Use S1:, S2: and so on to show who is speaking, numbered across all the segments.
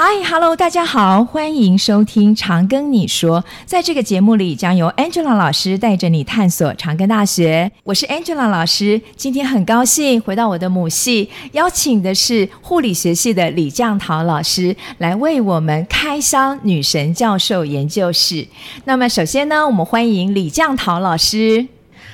S1: Hi，Hello，大家好，歡迎收聽《長庚你說》。在這個節目裡，將由 Angela 老師帶着你探索長庚大學。我是 Angela 老師，今天很高興回到我的母系，邀請的是護理學系的李絳桃老師來為我們開箱女神教授研究室。那麼，首先呢，我們歡迎李絳桃老師。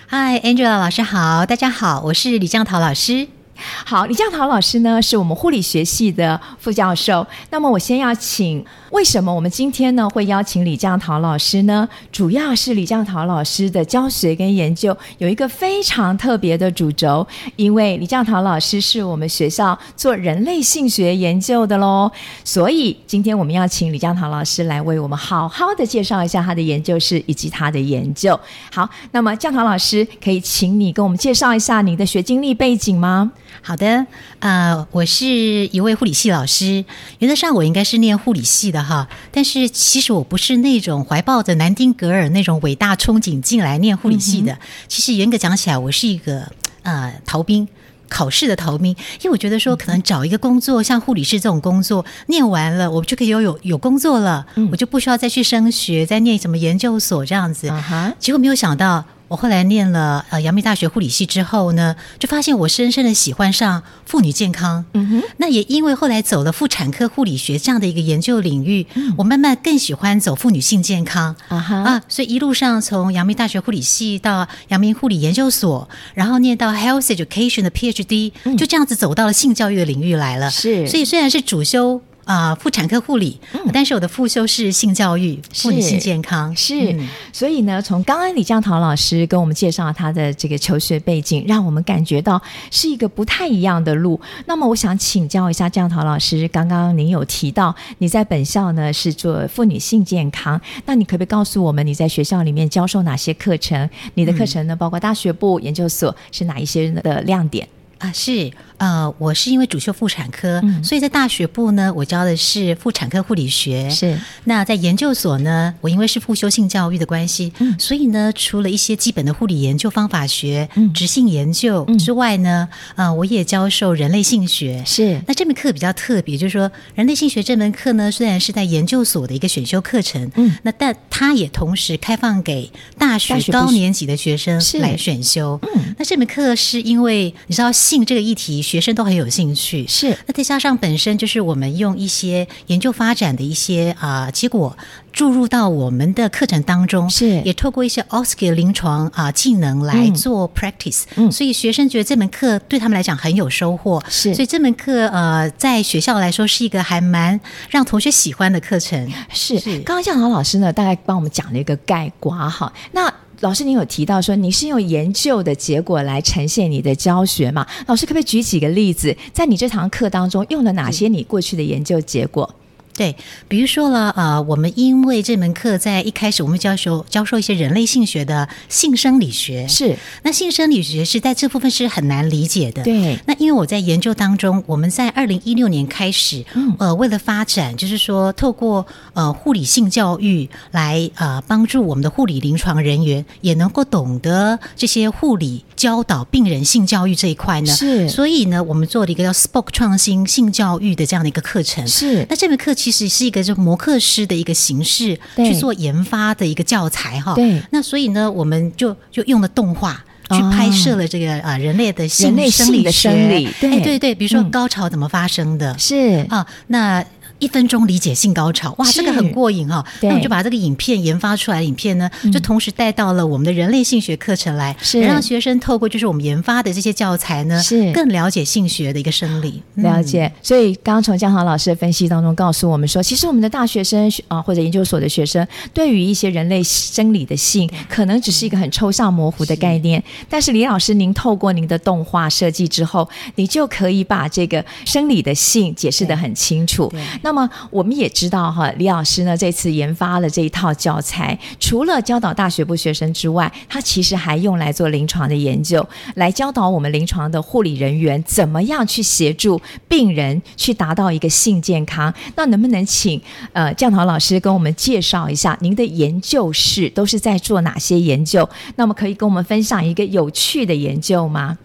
S1: Hi，Angela 老師好，大家好，我是李絳桃老師。好，李絳桃老師呢，是我們護理學系的副教授。那麼我先要請，為什麼我們今天呢會邀請李絳桃老師呢？主要是李絳桃老師的教學跟研究有一個非常特別的主軸，因為李絳桃老師是我們學校做人類性學研究的嘍，所以今天我們要請李絳桃老師來為我們好好的介紹一下他的研究室以及他的研究。好，那麼絳桃老師可以請你跟我們介紹一下你的學經歷背景嗎？好的，呃，我是一位護理系老
S2: 師，原則上我應該是念護理系的哈，但是其實我不是那種懷抱着南丁格爾那種偉大憧憬進來念護理系的，嗯、哼其實嚴格講起來，我是一個呃逃兵，考試的逃兵，因為我覺得說可能找一個工作，嗯、哼像護理師這種工作，念完了我就可以有有有工作了，嗯、我就不需要再去升學，再念什麼研究所這樣子，嗯、結果沒有想到。我後來念了呃，陽明大學護理系之後呢，就發現我深深的喜歡上婦女健康。嗯哼，那也因為後來走了婦產科護理學這樣的一個研究領域，我慢慢更喜歡走婦女性健康啊哈、嗯、啊，所以一路上從陽明大學護理系到陽明護理研究所，然後念到 Health Education 的 PhD，就這樣子走到了性教育的領域來了。是、嗯，所以雖然是主
S1: 修。啊，婦、呃、產科護理，嗯、但是我的副修是性教育、婦女性健康，是。是嗯、所以呢，從剛剛李絳桃老師跟我們介紹了他的這個求學背景，讓我們感覺到是一個不太一樣的路。那麼，我想請教一下絳桃老師，剛剛您有提到你在本校呢是做婦女性健康，那你可不可以告訴我們你在學校裡面教授哪些課程？你的課程呢，嗯、包括大學部、研究所是哪一些的亮點？啊，是呃，我是因為主修婦產科，嗯、所以在大學
S2: 部呢，我教的是婦產科護理學。是，那在研究所呢，我因為是副修性教育的關係，嗯、所以呢，除了一些基本的護理研究方法學、質、嗯、性研究之外呢，啊、嗯呃，我也教授人類性學。是，那這門課比較特別，就是說人類性學這門課呢，雖然是在研究所的一個選修課程，嗯，那但它也同時開放給大學高年級的學生來選修。嗯、那這門課是因為你知道性。這個議題學生都很有興趣，是。那再加上本身就是我們用一些研究發展的一些啊、呃、結果注入到我們的課程當中，是。也透過一些 OSCE、II 的臨床啊、呃、技能來做 practice，嗯、所以學生覺得這門課對他們來講很有收穫，是。所以這門課呃，在學校來說
S1: 是一個還蠻讓同學喜歡的課程，是。是剛剛絳桃老師呢，大概幫我們講了一個概括哈，那。老師，您有提到說你是用研究的結果來呈現你的教學嗎？老師，可不可以舉幾個例子，在你這堂課當中用了哪些你過去的研究結果？對，比如說了，呃，我們因為這門課在一開始我
S2: 們教授教授一些人類性學的性生理學，是。那性生理學是在這部分是很難理解的。對，那因為我在研究當中，我們在二零一六年開始，呃，為了發展，就是說透過呃護理性教育來呃，幫助我們的護理臨床人員也能夠懂得這些護理。教導病人性教育這一塊呢，是，所以呢，我們做了一個叫 “Spoke 創新性教育”的這樣的一個課程，是。那這門課其實是一個就是磨課師的一個形式去做研發的一個教材哈，對。那所以呢，我們就就用了動畫去拍攝了這個啊人類的性生理、哦、的生理，對、欸、對對，比如說高潮怎麼發生的，嗯、是啊、哦、那。一分鐘理解性高潮，哇，這個很過癮啊、哦。是那我們就把這個影片研發出來，影片呢對就同時帶到了我們的人類性學課程來，是讓學
S1: 生透過就是我
S2: 們研發的這些教材呢，是更了解性學的一個
S1: 生理了解。嗯、所以剛剛從絳桃老師的分析當中告訴我們說，其實我們的大學生啊或者研究所的學生對於一些人類生理的性，嗯、可能只是一個很抽象模糊的概念。是但是李老師您透過您的動畫設計之後，你就可以把這個生理的性解釋得很清楚。那那麼我們也知道哈，李老師呢這次研發了這一套教材，除了教導大學部學生之外，他其實還用來做臨床的研究，來教導我們臨床的護理人員怎麼樣去協助病人去達到一個性健康。那能不能請呃絳桃老師跟我們介紹一下您的研究室都是在做哪些研究？那麼可以跟我們分享一個有趣的研究嗎？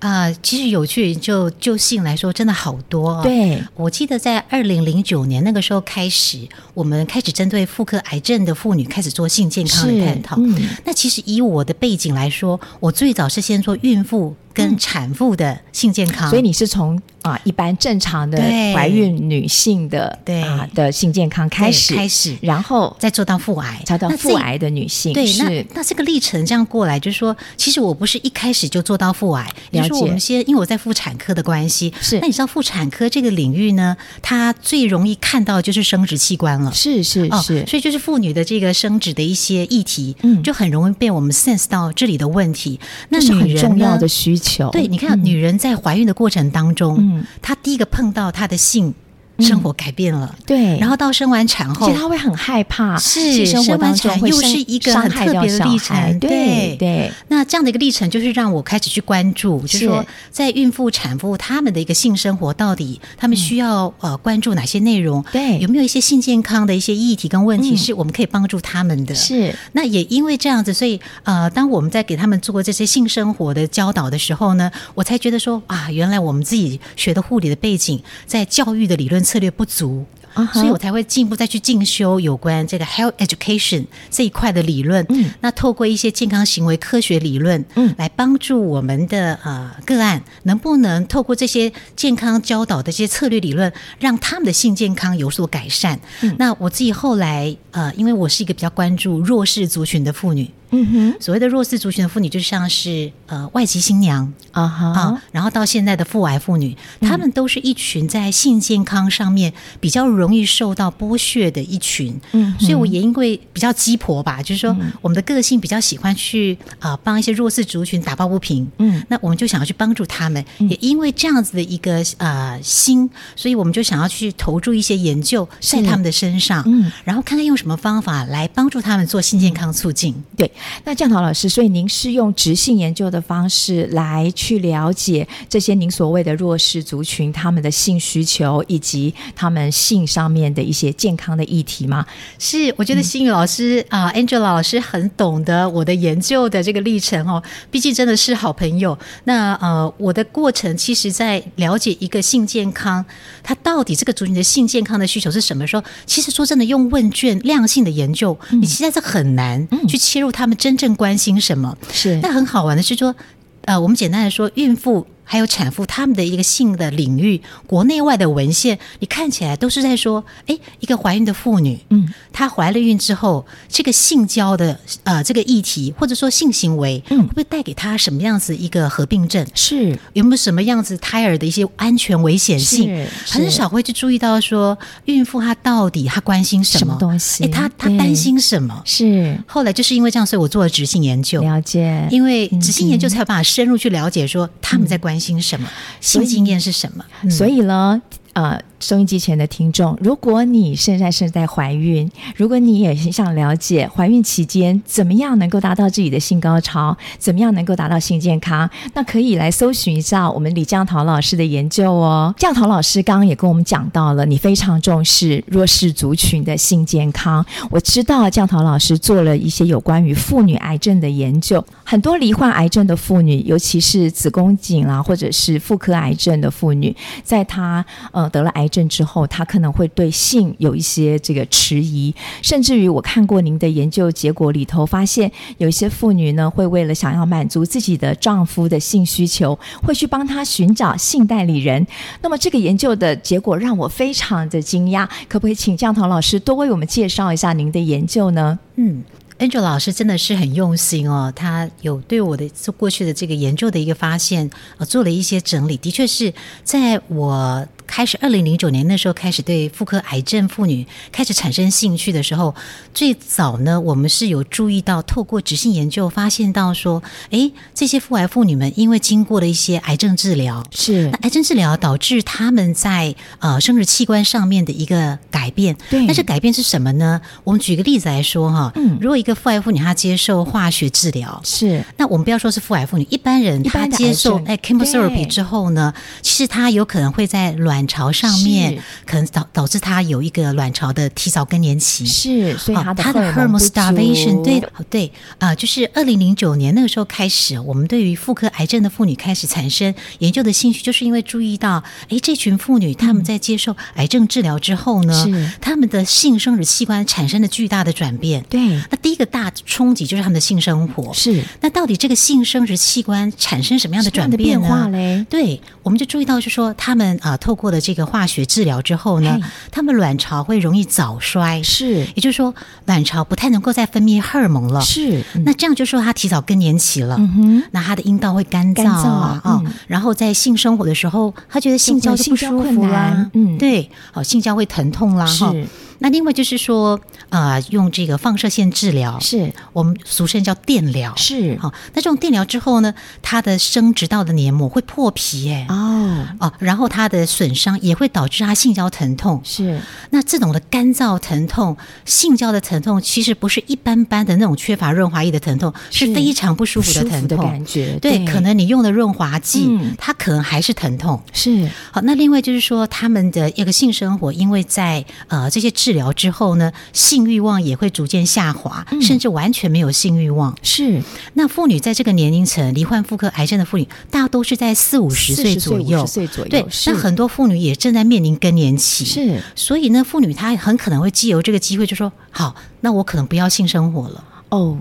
S1: 啊、呃，其實有趣，就就性來說，真的好多哦。對，我記得在
S2: 二零零九年那個時候開始，我們開始針對婦科癌症的婦女開始做性健康的探討。嗯、那其實以我的背景來說，我最早是先做孕婦
S1: 跟產婦的性健康，嗯、所以你是從。啊，一般正常的懷孕女性的對，啊，的性健康開始開始，然後再做到婦癌，查到婦癌的女性。對。那
S2: 那這個歷程這樣過來，就是說，其實我不是一開始就做到婦癌，比如說我們先因為我在婦產科的關係。是，那你知道婦產科這個領域呢，它最容易看到就是生殖器官了。是是是，所以就是婦女的這個生殖的一些議題，嗯，就很容易被我們 sense 到這裡的問題。那是很重要的需求。對，你看女人在懷孕的過程當中。他第一個碰到他的性。生活改變了，對，然後到生完產後，其實他會很害怕，是生完產又是一個很特別的歷程，對對。那這樣的一個歷程，就是讓我開始去關注，就是說，在孕婦、產婦他們的一個性生活到底，他們需要呃關注哪些內容？對，有沒有一些性健康的一些議題跟問題，是我們可以幫助他們的？是。那也因為這樣子，所以呃，當我們在給他們做這些性生活的教導的時候呢，我才覺得說啊，原來我們自己學的護理的背景，在教育的理論。策略不足，uh huh、所以我才會進一步再去進修有關這個 health education 這一塊的理論。嗯、那透過一些健康行為科學理論，嗯，來幫助我們的、嗯、呃個案，能不能透過這些健康教導的這些策略理論，讓他們的性健康有所改善？嗯、那我自己後來，呃，因為我是一個比較關注弱勢族群的婦女。嗯哼，所謂的弱勢族群的婦女，就像是呃外籍新娘啊，uh huh、啊，然後到現在的婦癌婦女，她、嗯、們都是一群在性健康上面比較容易受到剝削的一群，嗯哼，所以我也因為比較雞婆吧，就是說我們的個性比較喜歡去啊幫、呃、一些弱勢族群打抱不平，嗯，那我們就想要去幫助他們，嗯、也因為這樣子的一個呃心，所以我們就想要去投注一些研究在他們的身上，嗯，嗯然後看看用什麼方法來幫助他們做性
S1: 健康促進，嗯、對。那絳桃老師，所以您是用質性研究的方式來去了解這些您所謂的弱勢族群他們的性需求以及他們性上面的一些健康的議題嗎？是，我覺得新宇老師啊、嗯 uh,，Angela
S2: 老師很懂得我的研究的這個歷程哦，畢竟真的是好朋友。那呃，uh, 我的過程其實，在了解一個性健康，它到底這個族群的性健康的需求是什麼時候？其實說真的，用問卷量性的研究，嗯、你實在是很難去切入他、嗯。他們真正關心什麼是？但很好玩的是說，呃，我們簡單的說，孕婦。還有產婦她們的一個性的領域，國內外的文獻，你看起來都是在說，哎，一個懷孕的婦女，嗯，她懷了孕之後，這個性交的，呃，這個議題或者說性行為，嗯，會不會帶給她什麼樣子一個合併症？是有沒有什麼樣子胎兒的一些安全危險性？很少會去注意到說，孕婦她到底她關心什麼，什麼東西？她她擔心什麼？是後來就是因為這樣，所以我做了質性研究，了解，因為質性研究才有辦法深入去了解說他們在關心、嗯。嗯關心什麼？新經驗是什麼？
S1: 所以，嗯、所以呢，呃。收音機前的聽眾，如果你現在是在懷孕，如果你也想了解懷孕期間怎麼樣能夠達到自己的性高潮，怎麼樣能夠達到性健康，那可以來搜尋一下我們李絳桃老師的研究哦。絳桃老師剛剛也跟我們講到了，你非常重視弱勢族群的性健康。我知道絳桃老師做了一些有關於婦女癌症的研究，很多罹患癌症的婦女，尤其是子宮頸啊，或者是婦科癌症的婦女，在她呃得了癌症，之後，他可能會對性有一些這個遲疑，甚至於我看過您的研究結果裡頭，發現有一些婦女呢會為了想要滿足自己的丈夫的性需求，會去幫他尋找性代理人。那麼這個研究的結果讓我非常的驚訝，可不可以請絳桃老師多為我們介紹一下您的研究呢？嗯，Angela 老師真的是很用心哦，他有對我的過去的這個研究的一個發現，
S2: 呃，做了一些整理，的確是在我開始二零零九年那時候開始對婦科癌症婦女開始產生興趣的時候，最早呢，我們是有注意到透過執行研究發現到說，哎，這些婦癌婦女們因為經過了一些癌症治療，是那癌症治療導致她們在呃生殖器官上面的一個改變，對，但是改變是什麼呢？我們舉個例子來說哈，嗯，如果一個婦癌婦女她接受化學治療，是那我們不要說是婦癌婦女，一般人她般接受哎 chemotherapy 對之後呢，其實她有可能會在卵卵巢上面可能導導致她有一個卵巢的提早更年期，是所以，她的,的 hormone starvation 對對啊，就是二零零九年那個時候開始，我們對於婦科癌症的婦女開始產生研究的興趣，就是因為注意到，哎，這群婦女她們在接受癌症治療之後呢，是她們的性生殖器官產生了巨大的轉變。對，那第一個大衝擊就是她們的性生活是。那到底這個性生殖器官產生什麼樣的轉變呢？變化對，我們就注意到就是，就說她們啊、呃，透過的這個化學治療之後呢，他們卵巢會容易早衰，是，也就是說卵巢不太能夠再分泌荷爾蒙了，是。嗯、那這樣就說他提早更年期了，嗯哼，那他的陰道會乾燥啊，然後在性生活的時候，他覺得性交不舒服難、啊，嗯，對，好，性交會疼痛啦、啊，嗯痛啊、是。那另外就是說，啊、呃，用這個放射線治療，是我們俗稱叫電療，是好、哦。那這種電療之後呢，它的生殖道的黏膜會破皮、欸，哎、哦，哦哦，然後它的損傷也會導致它性交疼痛。是，那這種的乾燥疼痛、性交的疼痛，其實不是一般般的那種缺乏潤滑液的疼痛，是，是非常不舒服的疼痛的感覺。對，對，可能你用的潤滑劑，嗯、它可能還是疼痛。是好、哦。那另外就是說，他們的一個性生活，因為在呃這些治療。治療之後呢，性欲望也會逐漸下滑，嗯、甚至完全沒有性欲望。是，那婦女在這個年齡層罹患婦科癌症的婦女，大都是在四五十歲左右。四十歲，五十歲左右，對。那是很多婦女也正在面臨更年期，是。所以呢，婦女她很可能會藉由這個機會就說：“好，那我可能不要性生活了。”哦，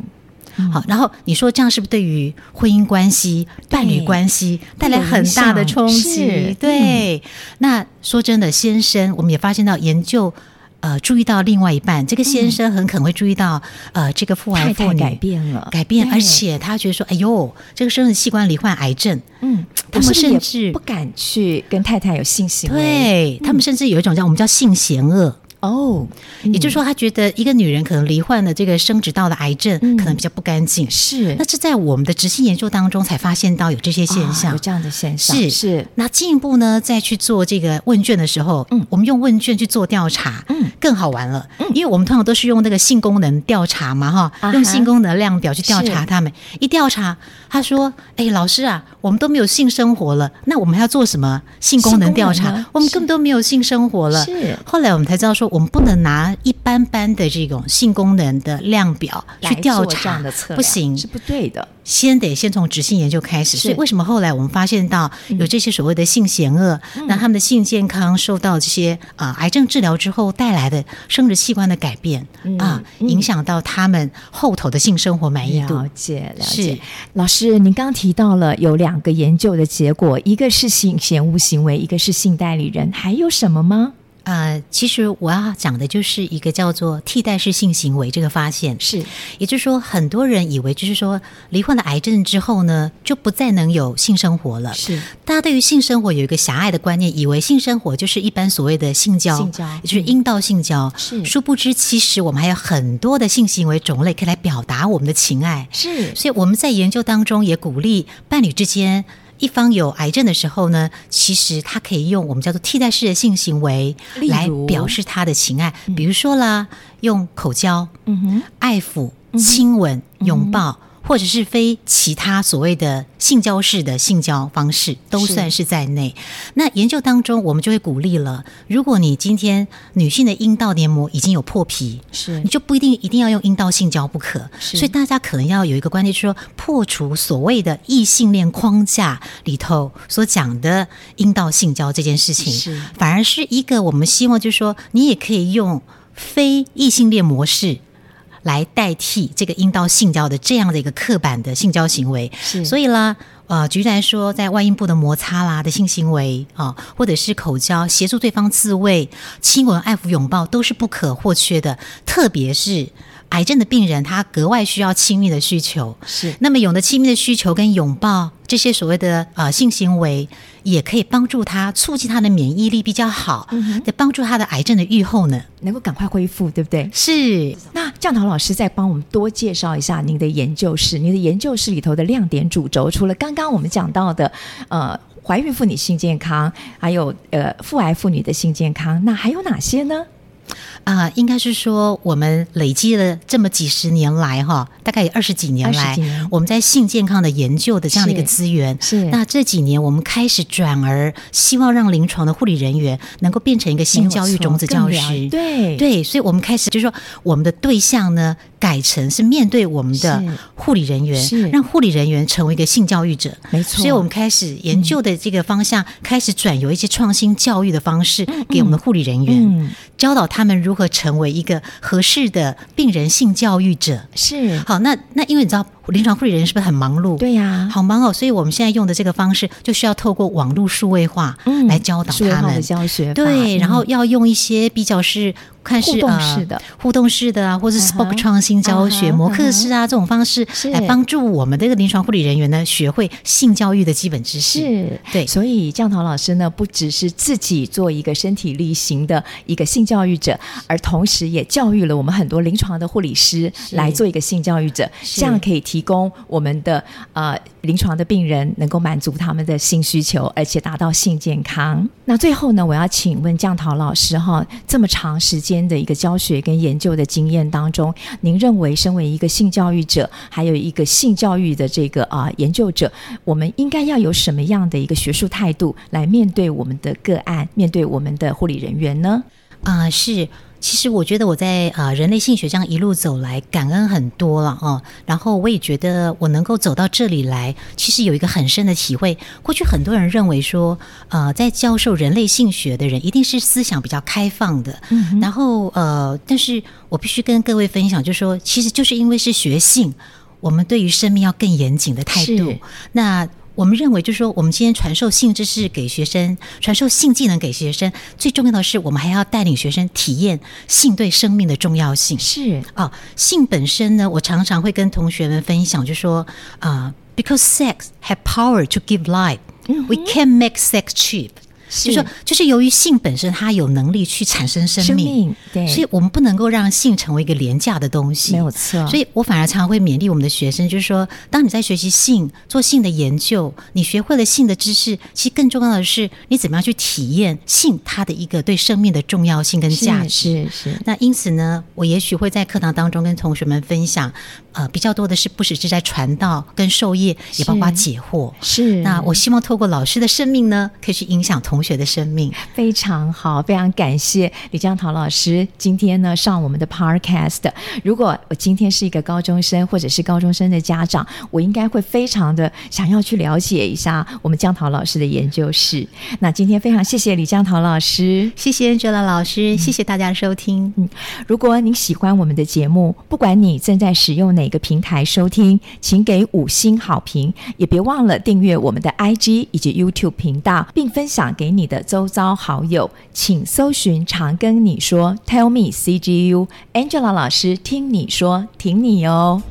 S2: 嗯、好。然後你說這樣是不是對於婚姻關係、伴侶關係對帶來很大的衝擊？對，是對。那說真的，先生，我們也發現到研究。呃，注意到另外一半，這個先生很可能會注意到，嗯、呃，這個婦癌、婦太太改變了，改變，而且他覺得說，對哎呦，這個生殖器官罹患癌症，
S1: 嗯，他們甚至他們不敢去跟太太有性行為，
S2: 對他們甚至有一種叫、嗯、我們叫性嫌惡。哦，也就是說，他覺得一個女人可能罹患了這個生殖道的癌症，可能比較不乾淨。是，那是在我們的執行研究當中才發現到有這些現象，有這樣的現象。是是。那進一步呢，再去做這個問卷的時候，我們用問卷去做調查，嗯，更好玩了，因為我們通常都是用那個性功能調查嘛，哈，用性功能量表去調查他們。一調查，他說：“哎，老師啊。”我們都沒有性生活了，那我們還要做什麼性功能調查？我們根本都沒有性生活了。是。後來我們才知道說，我們不能拿一般般的這種性功能的量表去調查，不行是不對的。先得先從質性研究開始。是所以為什麼後來我們發現到有這些所謂的性嫌惡，那、嗯、他們的性健康受到這些啊、呃、癌症治療之後帶來的生殖器官的改變、嗯、啊，嗯、影響到他們後頭
S1: 的性生活滿意度。了解，了解。是老師，您剛提到了有兩。兩個研究的結果，一個是性嫌惡行為，一個是性代理人，還有什麼嗎？呃，
S2: 其實我要講的就是一個叫做替代式性行為這個發現，是，也就是說，很多人以為就是說罹患了癌症之後呢，就不再能有性生活了，是。大家對於性生活有一個狹隘的觀念，以為性生活就是一般所謂的性交，性交，也就是陰道性交，嗯、是。殊不知，其實我們還有很多的性行為種類可以來表達我們的情愛，是。所以我們在研究當中也鼓勵伴侶之間。一方有癌症的時候呢，其實他可以用我們叫做替代式的性行為來表示他的情愛，比如說啦，用口交、愛撫、親吻、擁抱。或者是非其他所謂的性交式的性交方式都算是在內。是那研究當中，我們就會鼓勵了：如果你今天女性的陰道黏膜已經有破皮，是你就不一定一定要用陰道性交不可。是所以大家可能要有一個觀念，就是說破除所謂的異性戀框架裡頭所講的陰道性交這件事情，是反而是一個我們希望，就是說你也可以用非異性戀模式。來代替這個陰道性交的這樣的一個刻板的性交行為，是所以呢，呃、啊，舉例來說，在外陰部的摩擦啦的性行為啊，或者是口交，協助對方自慰、親吻、愛撫、擁抱，都是不可或缺的，特別是。癌症的病人，他格外需要親密的需求。是，那麼有的親密的需求跟擁抱，這些所謂的呃性行為，也可以幫助他促進他的免疫力比較好，在、嗯、哼幫助他的癌
S1: 症的預後呢，能夠趕快恢復，對不對？是。嗯、那絳桃老師再幫我們多介紹一下您的研究室，您的研究室裡頭的亮點主軸，除了剛剛我們講到的呃懷孕婦女性健康，還有呃婦癌婦女的性健康，那還有哪些呢？啊、呃，應該是說我們累積了這麼幾十年來，哈，
S2: 大概有二十幾年來，年我們在性健康的研究的這樣的一個資源。是，是那這幾年，我們開始轉而希望讓臨床的護理人員能夠變成一個性教育種子教師。對對，所以我們開始就是說，我們的對象呢，改成是面對我們的護理人員，是是讓護理人員成為一個性教育者。沒錯錯，所以我們開始研究的這個方向、嗯、開始轉由一些創新教育的方式給我們的護理人員、嗯嗯、教導他們如如何成為一個合適的病人性教育者？是。好，那那因為你知道。臨床護理人是不是很忙碌？對呀、啊，好忙哦！所以我們現在用的這個方式，就需要透過網絡數位化來教導他們、嗯、教學。對，嗯、然後要用一些比較是看是互動式的、呃、互動式的啊，或是 spoke 創新教學、磨課師啊,啊哈這種方式來幫
S1: 助我們的一個臨床護理人員呢，學會性教育的基本知識。是對，所以絳桃老師呢，不只是自己做一個身體力行的一個性教育者，而同時也教育了我們很多臨床的護理師來做一個性教育者，是這樣可以。提供我們的呃臨床的病人能夠滿足他們的性需求，而且達到性健康。那最後呢，我要請問絳桃老師哈，這麼長時間的一個教學跟研究的經驗當中，您認為身為一個性教育者，還有一個性教育的這個啊、呃、研究者，我們應該要有什麼樣的一個學術態度來面對我們的個案，面對我們的護理人員呢？啊、呃，是。其實我覺得我在啊、呃、人類性學上一路走來，感恩很多了
S2: 哦。然後我也覺得我能夠走到這裡來，其實有一個很深的體會。過去很多人認為說，呃，在教授人類性學的人一定是思想比較開放的。嗯、哼然後呃，但是我必須跟各位分享，就是說，其實就是因為是學性，我們對於生命要更嚴謹的態度。是那我們認為，就是說，我們今天傳授性知識給學生，傳授性技能給學生，最重要的是，我們還要帶領學生體驗性對生命的重要性。是啊，性本身呢，我常常會跟同學們分享就是，就說啊，because sex have power to give life, we can't make sex cheap. 就是說，就是由於性本身，它有能力去產生生命，生命，對，所以我們不能夠讓性成為一個廉價的東西，沒有錯。所以我反而常常會勉勵我們的學生，就是說，當你在學習性、做性的研究，你學會了性的知識，其實更重要的是，你怎麼樣去體驗性它的一個對生命的重要性跟價值是。是，是。那因此呢，我也許會在課堂當中跟同學們分享，呃，比較多的是不只是在傳道跟授業，也包括解惑。是，是。那我希望透過
S1: 老師的生命呢，可以去影響同學。學的生命。非常好，非常感謝李絳桃老師今天呢，上我們的 Podcast。如果我今天是一個高中生或者是高中生的家長，我應該會非常的想要去了解一下我們絳桃老師的研究室。那今天非常謝謝李絳桃老師，謝謝 Angela 老師，嗯、謝謝大家收聽嗯。嗯，如果你喜歡我們的節目，不管你正在使用哪個平台收聽，請給五星好評，也別忘了訂閱我們的 IG 以及 YouTube 頻道，並分享給。你的周遭好友，請搜尋長庚你說，Tell me CGU Angela 老師聽你說，挺你哦。